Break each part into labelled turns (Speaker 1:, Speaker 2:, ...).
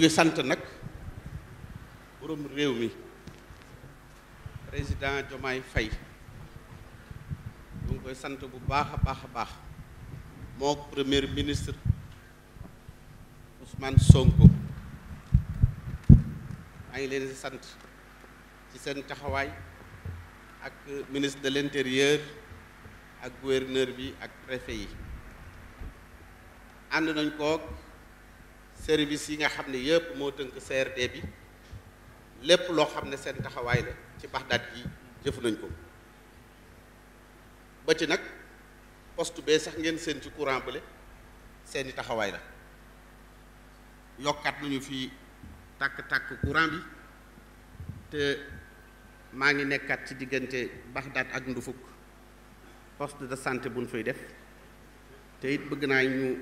Speaker 1: ngi sant nag borom réew mi président Diomaye Faye ñu ngi koy sant bu baax a baax a baax moo premier ministre Ousmane Sonko maa ngi leen di sant ci seen taxawaay ak ministre de l'intérieur ak gouverneur bi ak préfet yi ànd nañ ko service yi nga xam ne yëpp moo tënk CRD bi lépp loo xam ne seen taxawaay la ci baxdaat yi jëf nañ ko ba ci nag poste bee sax ngeen seen ci courant bële seeni taxawaay la yokkat nañu fi tàkk-tàkk courant bi te maa ngi nekkaat ci diggante baxdaat ak ndufuk poste de santé buñ fay def te it bëgg naa ñu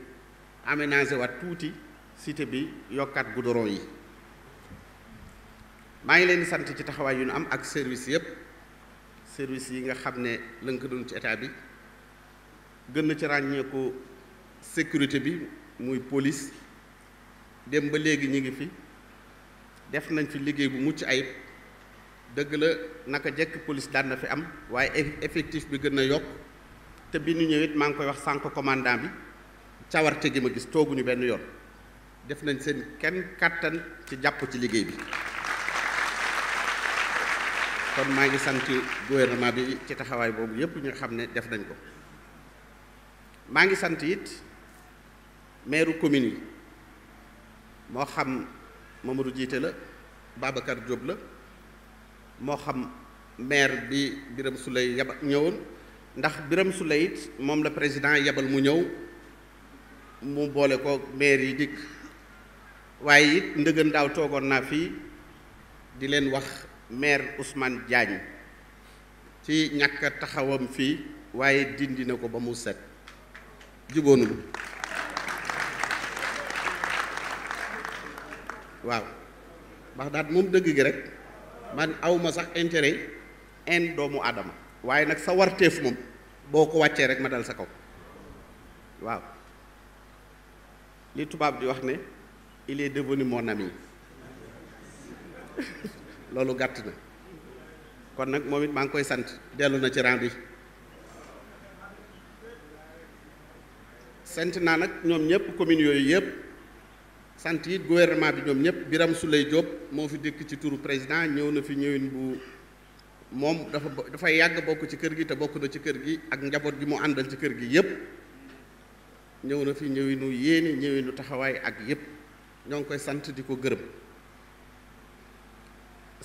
Speaker 1: aménager waat tuuti cité bi yokkaat goudron yi maa ngi leen di sant ci taxawaay yu nu am ak service yëpp service yi nga xam ne lënk doon ci état bi gën na ci ràññeeku sécurité bi muy police dem ba léegi ñu ngi fi def nañ fi liggéey bu mucc ayib dëgg la naka jekk police daan na am waaye effectif bi gën na yokk te bi ñu ñëwit maa ngi koy wax sànq commandant bi cawarte gi ma gis tooguñu benn yoon def nañ seen kenn kàttan ci jàpp ci liggéey bi kon maa ngi sant gouvernement bi ci taxawaay boobu yépp ñu xam ne def nañ ko maa ngi sant it maire commune yi moo xam Mamadou Jiite la Babacar Diop la moo xam maire bi Biram Souley yaba ñëwoon ndax Biram Souley it moom la président yabal mu ñëw mu boole ko maire yi dikk waaye it ndëgën daaw toogoon naa fii di leen wax maire Ousmane jaañ ci ñàkk a taxawam fii waaye dindi na ko ba mu set juboonul waaw ndax daat moom dëgg gi rek man awma sax intérêt en doomu aadama waaye nag sa warteef moom boo ko wàccee rek ma dal sa kaw waaw li tubaab di wax ne il est devenu mon ami loolu gàtt na kon nag moom it maa ngi koy sant dellu na ci rang bi sant naa nag ñoom ñëpp communes yooyu yëpp sant it gouvernement bi ñoom ñëpp Birame Souleye Diop moo fi dëkk ci turu président ñëw na fi ñëwin bu moom dafa dafay yàgg bokk ci kër gi te bokk na ci kër gi ak njaboot gi mu àndal ci kër gi yëpp ñëw na fi ñëwinu yéene ñëwinu taxawaay ak yëpp ñoo ngi koy sant di ko gërëm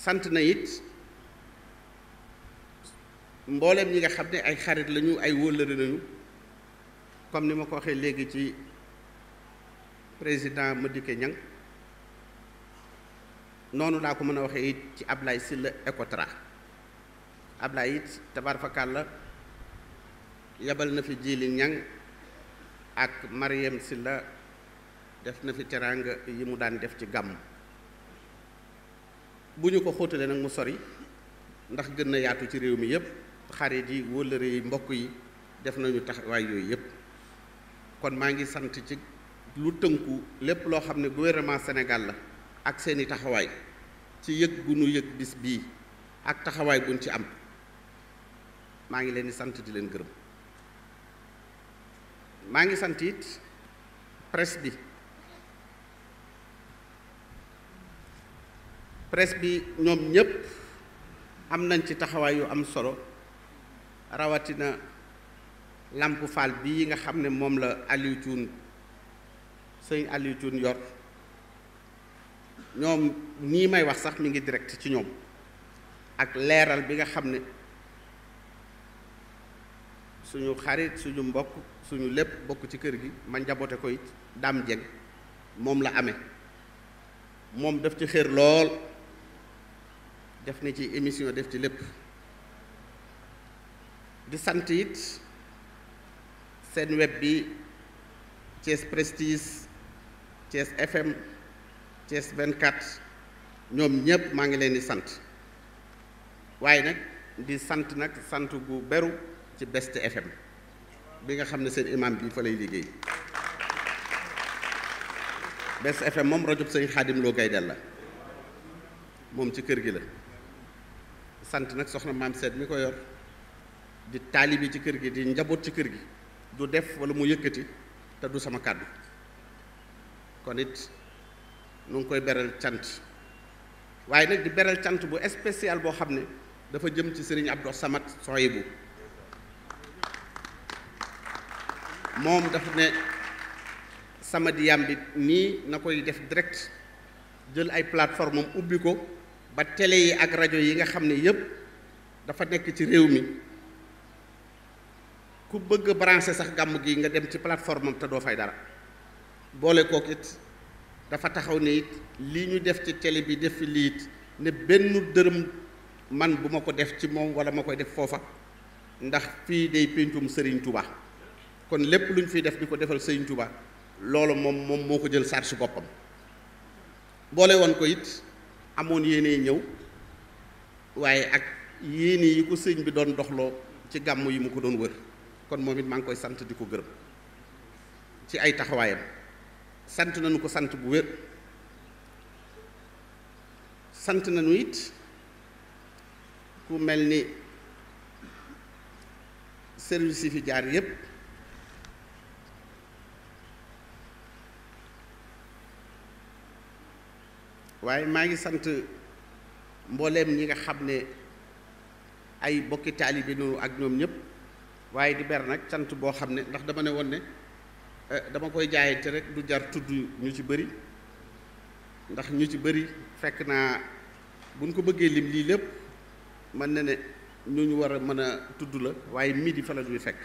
Speaker 1: sant na it mbooleem ñi nga xam ne ay xarit lañu ay wóllëre lañu comme ni ma ko waxee léegi ci président Madické Niang noonu laa ko mën a waxee it ci Ablaye Sylla Ecotra Ablaye it tabarfakàlla yabal na fi Jili Niang ak Mariam Sylla def na fi teraanga yi mu daan def ci gàmm bu ñu ko xóotalee nag mu sori ndax gën na yaatu ci réew mi yépp xarit yi wëllëre yi mbokk yi def nañu taxawaay yooyu yépp kon maa ngi sant ci lu tënku lépp loo xam ne gouvernement Sénégal la ak seeni taxawaay ci yëg gu nu yëg bis bii ak taxawaay buñ ci am maa ngi leen di sant di leen gërëm maa ngi sant it presse bi presse bi ñoom ñëpp am nañ ci taxawaay yu am solo rawatina Lamp bi bii nga xam ne moom la Aliou sëñ Aliou Thioune yor ñoom nii may wax sax mi ngi direct ci ñoom ak leeral bi nga xam ne suñu xarit suñu mbokk suñu lépp bokk ci kër gi ma njaboote ko it Dame moom la ame moom daf ci xër lool def na ci émission def ci lépp di sant it seen web bi Thiès Prestige Thiès FM Thiès 24 ñoom ñépp maa ngi leen di sant waaye nag di sant nag sant gu beru ci Best FM bi nga xam ne seen imam bi fa lay liggéey Best FM moom rajo Sëñ Xaadim Lo la moom ci kër gi la sant nag soxna maam seet mi ko yor di taalibi ci kër gi di njaboot ci kër gi du def wala mu yëkkati te du sama kàddu kon it nu ngi koy beral cant waaye nag di beral cant bu spécial boo xam ne dafa jëm ci sëriñ Abdou Samad Soyibu moom dafa ne Samadiyam bi nii na koy def direkt jël ay plateforme ubbi ko ba tele yi ak rajo yi nga xam ne yépp dafa nekk ci réew mi ku bëgg a branché sax gàmm gi nga dem ci plateforme am te doo fay dara boole kook it dafa taxaw ne it lii ñu def ci tele bi def fi lii it ne benn dërëm man bu ma ko def ci moom wala ma koy def foofa ndax fii day péncum sëriñ Touba kon lépp lu ñu fiy def di ko defal Serigne Touba loolu moom moom moo ko jël charge boppam boole woon ko it. amoon yéene ñëw waaye ak yéene yi ko sëñ bi doon doxloo ci gàmm yi mu ko doon wër kon moom it maa ngi koy sant di ko gërëm ci ay taxawaayam sant nañu ko sant bu wér sant nañu it ku mel ni service yi fi jaar yépp waaye maa ngi sant mbooleem ñi nga xam ne ay bokki taalibe noonu ak ñoom ñëpp waaye di ber nag sant boo xam ne ndax dama ne woon ne eh, dama koy jaayante rek du jar tudd ñu ci bëri ndax ñu ci bëri fekk naa buñ ko bëggee lim lii lépp mën na ne ñu ñu war a mën a tudd la waaye midi fa la fekk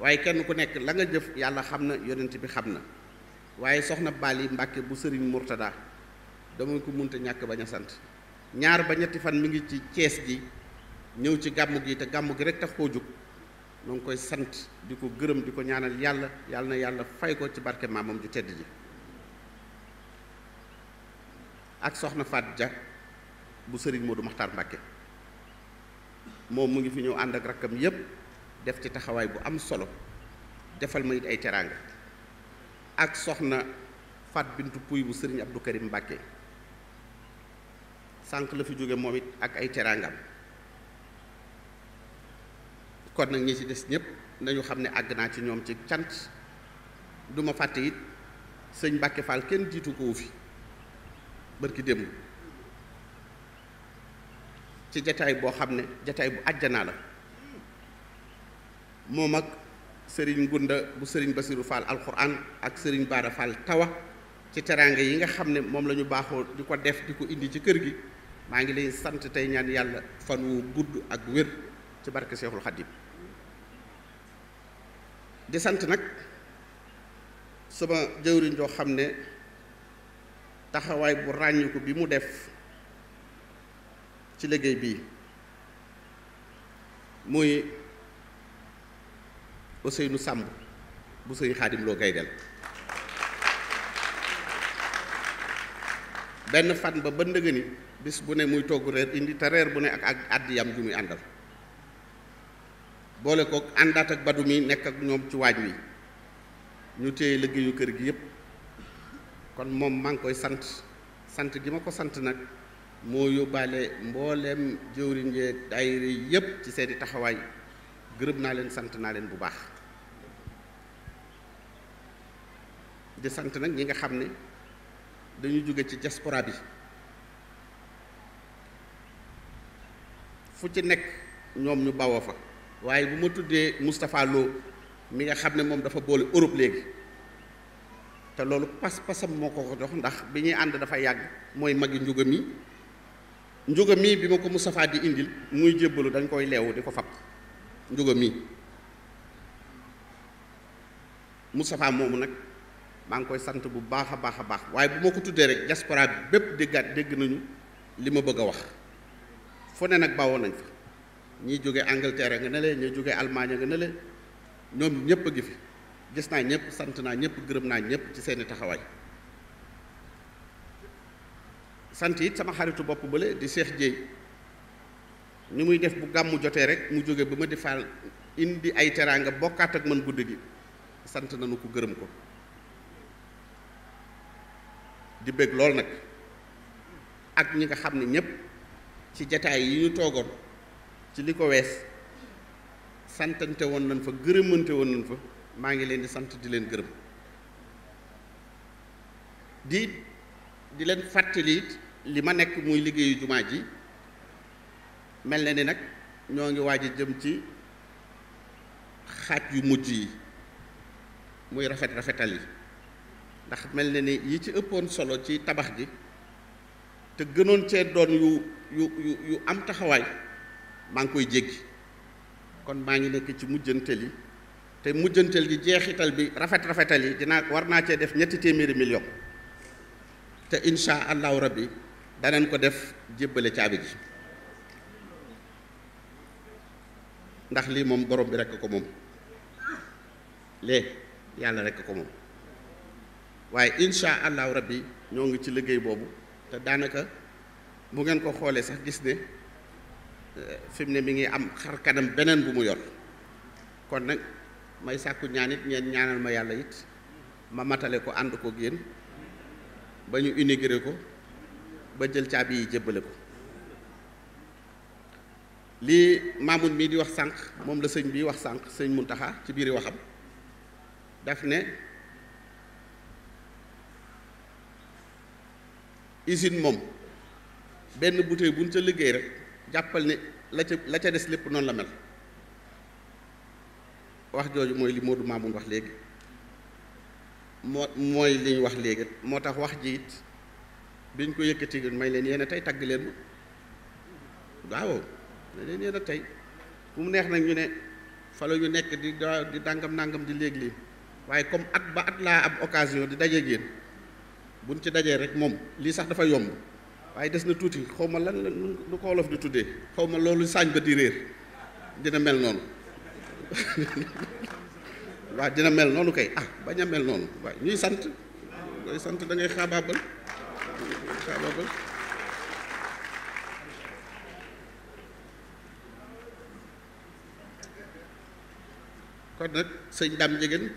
Speaker 1: waaye kenn ku nekk la nga jëf yàlla xam na yonent bi xam na waaye soxna Bali Mbàkke bu sëriñ Murtada dama ko munta ñàkk bañ a sant ñaar ba ñetti fan mi ngi ci cees gi ñëw ci gàmm gi te gàmm gi rek tax koo jóg noo ngi koy sant di ko gërëm di ko ñaanal yàlla yàlla na yàlla fay ko ci barke maamam ju tedd ji ak soxna Faat Ja bu sëriñ Moodu Maxtaar Mbàkke moom mu ngi fi ñëw ànd ak rakkam yépp def ci taxawaay bu am solo defal ma it ay teraanga ak soxna Faat Bintu Puy bu sëriñ Abdou Karim Mbàkke sànq la fi jóge moom it ak ay teraangam kon nag ñi ci des ñëpp nañu xam ne àgg naa ci ñoom ci cant duma ma fàtte it sëñ Mbàkke Fall kenn jiitu ko fi bërki démb ci jataay boo xam ne jataay bu àjjanaa la moom ak sëriñ Ngunda bu sëriñ Basiru Fall alxuraan ak sëriñ Baara Fall tawa ci teraanga yi nga xam ne moom lañu baaxoo di ko def di ko indi ci kër gi maa ngi lay sant tey ñaan yàlla fan wu gudd ak wér ci barke Seexul di sant nag sama jëwriñ joo xam ne taxawaay bu ràññiku bi mu def ci liggéey bii muy Ousseynou Samb bu sëñ Xaadim Lo Gaydel benn fan ba ba ndëgëni bis bu ne muy togg reer indi te reer bu ne ak ak àddiyam ju muy àndal boole kook àndaat ak badu mi nekk ak ñoom ci waaj wi ñu téye liggéeyu kër gi yépp kon moom maa ngi koy sant sant gi ma ko sant nag moo yóbbaale mbooleem jëwriñ yi daayira yépp ci seeni taxawaay gërëm naa leen sant naa leen bu baax di sant nag ñi nga xam ne dañu jóge ci diaspora bi fu ci nekk ñoom ñu bawo fa waaye bu ma tuddee Moustapha Lo mi nga xam ne moom dafa boole Europe léegi te loolu pas-pasam moo ko ko jox ndax bi ñuy ànd dafa yàgg mooy magi njuga mi njuga mii bi ma ko Moustapha di indil muy jébbalu dañ koy leewu di ko fab njuga mi mustafaa moomu nag maa ngi koy sant bu baax a baax a baax waaye bu ma ko tuddee rek diaspora bépp déggaat dégg nañu li ma bëgg a wax fone nag bawoo nañ fa ñii jóge Angleterre nga ne leen ñii jóge Allemagne nga ne leen ñoom ñëpp a gi fi gis naa ñëpp sant naa ñëpp gërëm naa ñëpp ci seeni taxawaay sant it sama xaritu bopp bële di Cheikh Dieye ni muy def bu gàmmu jotee rek mu jóge ba ma di faal indi ay teraanga bokkaat ak man guddi gi sant nañu ko gërëm ko di bëgg lool nag ak ñi nga xam ne ñëpp ci jataay yi ñu toogoon ci li ko wees santante woon nañ fa gërëmante woon nañ fa maa ngi leen di sant di leen gërëm di di leen fàttali li ma nekk muy liggéeyu jumaa ji mel na ni nag ñoo ngi waaj a jëm ci xaaj yu mujj yi muy rafet rafetal yi ndax mel na ni yi ci ëppoon solo ci tabax gi te gënoon cee doon yu yu yu am taxawaay maa ngi koy jéggi kon maa ngi nekk ci mujjantel yi te mujjantel gi jeexital bi rafet rafetal yi dinaa war naa cee def ñetti téeméeri million te insha allahu rabbi danañ ko def jébbale caabi ji ndax lii moom borom bi rekk ko moom lee yàlla rekk ko moom waaye insha allahu rabbi ñoo ngi ci liggéey boobu te daanaka bu ngeen ko xoolee sax gis ne euh, fi ne mi ngi am xar kanam beneen bu mu yor kon nag may sàkku ñaan it ngeen ñaanal ma yàlla it ma matale ko ànd ko yéen ba ñu inauguré ko ba jël caabi yi jébbale ko lii Mamoun mii di wax sànq moom la sëñ bi wax sànq sëñ taxaa ci biir waxam daf ne usine moom benn bouteille bu ñu ca liggéey rek jàppal ne la ca la ca des lépp noonu la mel wax jooju mooy li Modou Mamoun wax léegi moo mooy li wax léegi moo tax wax ji it biñ ko yëkkati may leen yéen a tey tagg leen waaw may leen yéen tey bu mu neex nag ñu ne falo yu nekk di di dàngam nàngam di léeg lii waaye comme at ba at laa ab occasion di dajeeg génn buñ ci dajee rek moom lii sax dafa yomb waaye des na tuuti xaw ma lan la lu ko wolof di tuddee xaw ma loolu saañ ba di réer dina mel noonu waaw dina mel noonu kay ah bañ a mel noonu waaw ñuy sant ñuy sant da ngay xaabaabal xaabaabal kon nag sëñ Dame Ndiéguène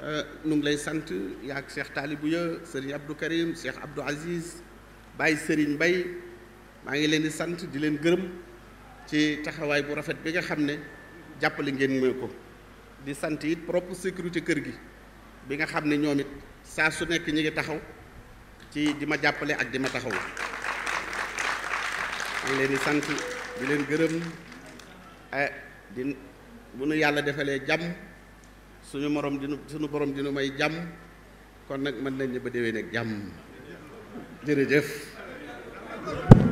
Speaker 1: Euh, nu ngi lay sant yaag Cheikh Talibouya Serigne Abdou Karim Cheikh Abdou Aziz bàyyi Serigne Baye maa ngi leen di sant di leen gërëm ci taxawaay bu rafet bi nga xam ne jàppale ngeen mooy ko di sant it sécurité kër gi bi nga xam ne ñoom it saa su nekk ñi ngi taxaw ci di ma jàppale ak di ma taxaw eh, nu yàlla defalee jàmm suñu morom dinu suñu borom dinu may jàmm kon nag mën nañ ne ba déwee nekk jàmm jërëjëf